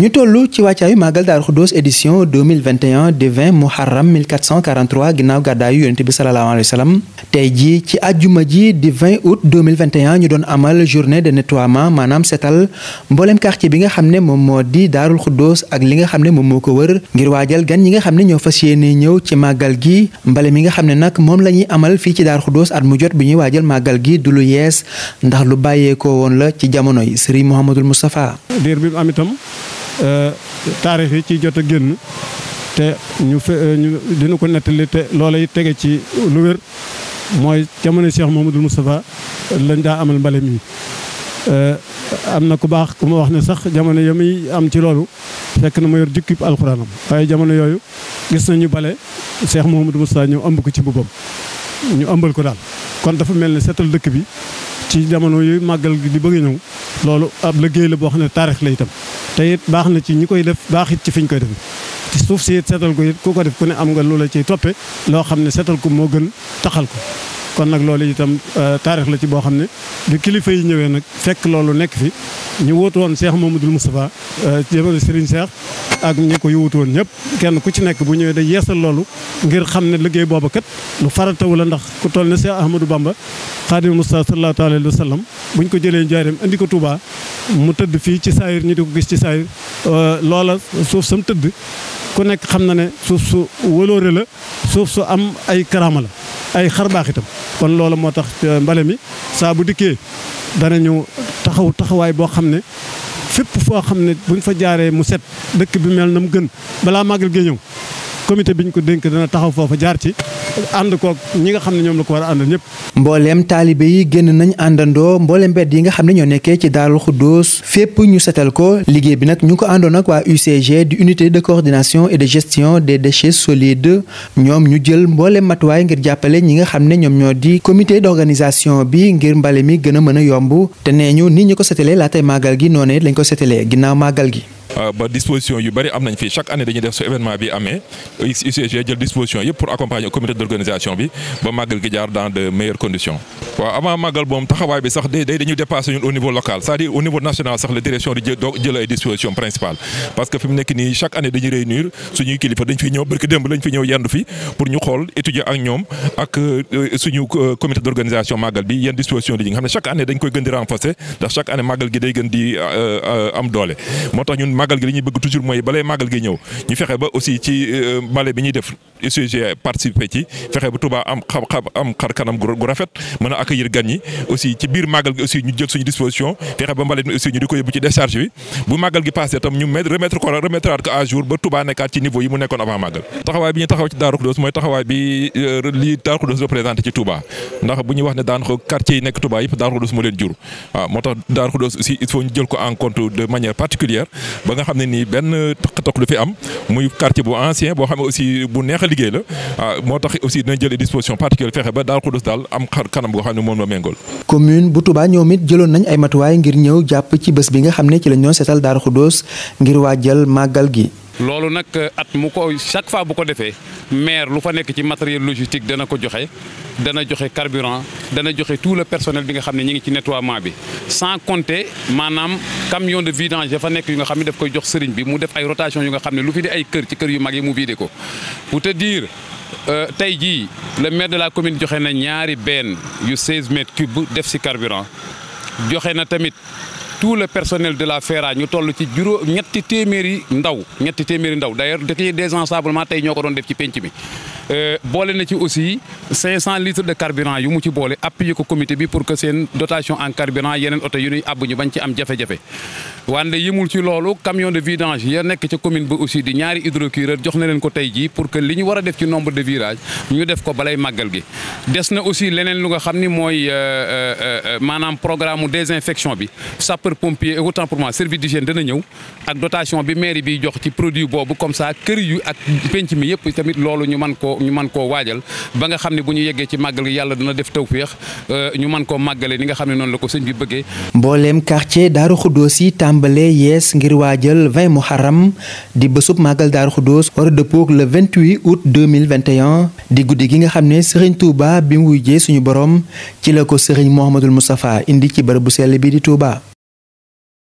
ñu toll ci wàccaayu màggal Daaru Xuddoos édition 2021 di 20 muharram 1443 ginnaaw gàddaayu yonent bi salallaahu alayhi wa sallam tey jii ci àjjuma ji di 20 août 2021 ñu doon amal journée de nettoiement maanaam setal mboolem quartier bi nga xam ne moom moo di Daarul Xuddoos ak li nga xam ne moom moo ko wër ngir waajal gan ñi nga xam ne ñoo fas yéene ñëw ci màggal gi mbale mi nga xam ne nag moom la ñuy amal fii ci Daaru Xuddoos at mu jot bi ñuy waajal màggal gi du lu yees ndax lu bàyyeekoo woon la ci jamono yi Serigne Mouhamadul Moustapha diir bi mu am itam euh, taarix yi ci jot a génn te ñu fe euh, ñu dina ko nettali te loola yi tege ci lu wér mooy jamono Cheikh Mouhamadoul Moustapha lañ daa amal mbale mi euh, am na ku baax ku ma wax ne sax jamono ya muy am ci loolu fekk na ma yor jikki alxuraanam waaye jamono yooyu gis nañu bale Cheikh Mouhamadou Moustapha ñëw ëmb ko ci boppam ñu ëmbal ko daal kon dafa mel ne seetal dëkk bi ci jamono yi màggal gi di bëgg a ñëw loolu ab la liggéey la boo xam ne taarix la itam te it baax na ci ñi koy def baax it ci fi ñu koy def ci suuf si it seetal ko it ku ko def ku ne am nga la ciy toppe loo xam ne seetal ko moo gën taxal ko kon nag loolu itam euh, taarix la ci boo xam ne bi kilifa yi ñëwee nag fekk loolu nekk fi ñu wóotu woon Cheikh Mamadou Moustapha euh, jëmale Serigne Cheikh ak ñi ko yóotu woon ñëpp kenn ku ci nekk bu ñëwee day yeesal loolu ngir xam ne liggéey booba kat lu faratawu la ndax ku toll ne Cheikh Ahmadou Bamba Xaadimu Mustafa sallallahu alayhi wa bu buñ ko jëlee njaareem indi ko Touba mu tëdd fii ci saayir ñu di ko gis ci saayir euh, loola suuf sam tëdd ku nekk xam na ne suuf su wëloore la suuf su am ay karaama ay xarbaaxitam kon loolu moo tax euh, mbale mi saa bu dikkee danañu taxaw taxawaay boo xam ne fépp foo xam ne buñ fa jaaree mu set dëkk bi mel na mu gën balaa màggal gee ñëw comité bi ñu ko dénk dana taxaw foofa jaar ci ànd koog ñi nga xam ne ñoom la ko war a àndal ñëpp. mbooleem taalibe yi génn nañu àndandoo mbooleem mbedd yi nga xam ne ñoo nekkee ci Daarul Xuddoos fépp ñu setal ko liggéey bi nag ñu ko àndoon nag waa UCG di unité de coordination et de gestion des déchets solides ñoom ñu jël mbooleem matuwaay ngir jàppale ñi nga xam ne ñoom ñoo di comité d'organisation bi ngir mbale mi gën a mën a yomb te nee ñu nit ñi ko setalee laatay màggal gi noonu lañ ko setalee ginnaaw màggal gi Euh, ba disposition yu bëri am nañ fii chaque année dañuy def su événement bi amee UCG jël disposition yëpp pour accompagner comité d' organisation bi ba màggal gi jaar dans de meilleures conditions. waa avant màggal moom taxawaay bi sax day day dañu dépassé ñun au niveau local cest à au niveau national sax la direction di jël jël ay dispositions parce que fi mu nekk nii chaque année dañuy réunir suñuy kilifa dañ fi ñëw barki démb fi ñëw yendu fi pour ñu xool étudier ak ñoom ak euh, suñu euh, comité d'organisation màggal bi yenn dispositions li nga xam ne chaque année dañ koy gën di renforcer ndax chaque année màggal gi day gën di euh, am doole moo tax ñun màggal gi ñu fexe a accueillir gan ñi aussi ci biir màggal gi aussi ñu jël suñu disposition fexe ba mbalit aussi ñu di ko yóbbu ci décharge bi bu màggal gi passé tam ñu mettre remettre ko ko à ba Touba nekkaat ci niveau yi mu nekkoon avant màggal taxawaay bi ñu taxaw ci Darou Khoudoss mooy taxawaay bi euh, li Darou Khoudoss ci Touba ndax bu ñu wax ne daan quartier yi nekk Touba yëpp Darou Khoudoss moo leen jur ah, moo tax Darou Khoudoss aussi il faut ñu jël ko en compte de manière a ne moom la méngool commune bu Touba ñoom it jëloon nañ ay matuwaay ngir ñëw jàpp ci bés bi nga xam ne ci la ñoo seetal Daaru Xuddoos ngir waajal màggal gi loolu nag at mu ko chaque fois bu ko defee maire lu fa nekk ci matériel logistique dana ko joxe dana joxe carburant dana joxe tout le personnel bi nga xam ne ñi ngi ci nettoiement bi sans compter maanaam camion de vidange fa nekk yu nga xam ne daf koy jox sëriñ bi mu def ay rotation yu nga xam ne lu fi di ay kër ci kër yu mag yi mu vidé ko Euh, tey jii le maire de la commune joxe na ñaari benn yu 16 mètres cube def si carburant joxe na tamit tout le personnel de la FERA ñu toll ci juróom ñetti téeméeri ndaw ñetti téeméeri ndaw d'ailleurs dañuy désensablement tey ñoo ko doon def ci penc mi. Euh, boole na ci aussi 500 litres de carburant yu mu ci boole appuyer ko comité bi pour que seen dotation en carburant yeneen oto yu ñuy àbb ñu bañ ci am jafe-jafe. wande yemul ci loolu camion de vidange ya nekk ci commune bi aussi di ñaari hydrocureur jox na leen ko tey ji pour que li ñu war a def ci nombre de def ko balay màggal gi. des na aussi leneen lu nga xam ni mooy euh, euh, maanaam programme mu désinfection bi. sapeur pompier autant pour moi service d'hygiène dana ñëw ak dotation bi mairie bi jox ci produit boobu comme ça kër yu ak penc mi yëpp tamit loolu ñu mën koo ñu mën koo waajal ba nga xam ne bu ñu yeggee ci màggal gi yàlla dana def tawféex euh, ñu mën koo màggale ni nga xam ne noonu la ko sëñ bi bëggee. mbooleem quartier Daaru Xuddoos yi tàmbalee yees ngir waajal 20 muharram di bésub màggal Daaru Xuddoos war a dëppoog le 28 août 2021 di guddi gi nga xam ne Serigne Touba bi mu wujjee suñu borom ci la ko Serigne Mouhamadul Moustapha indi ci bërëbu sell bi di Touba.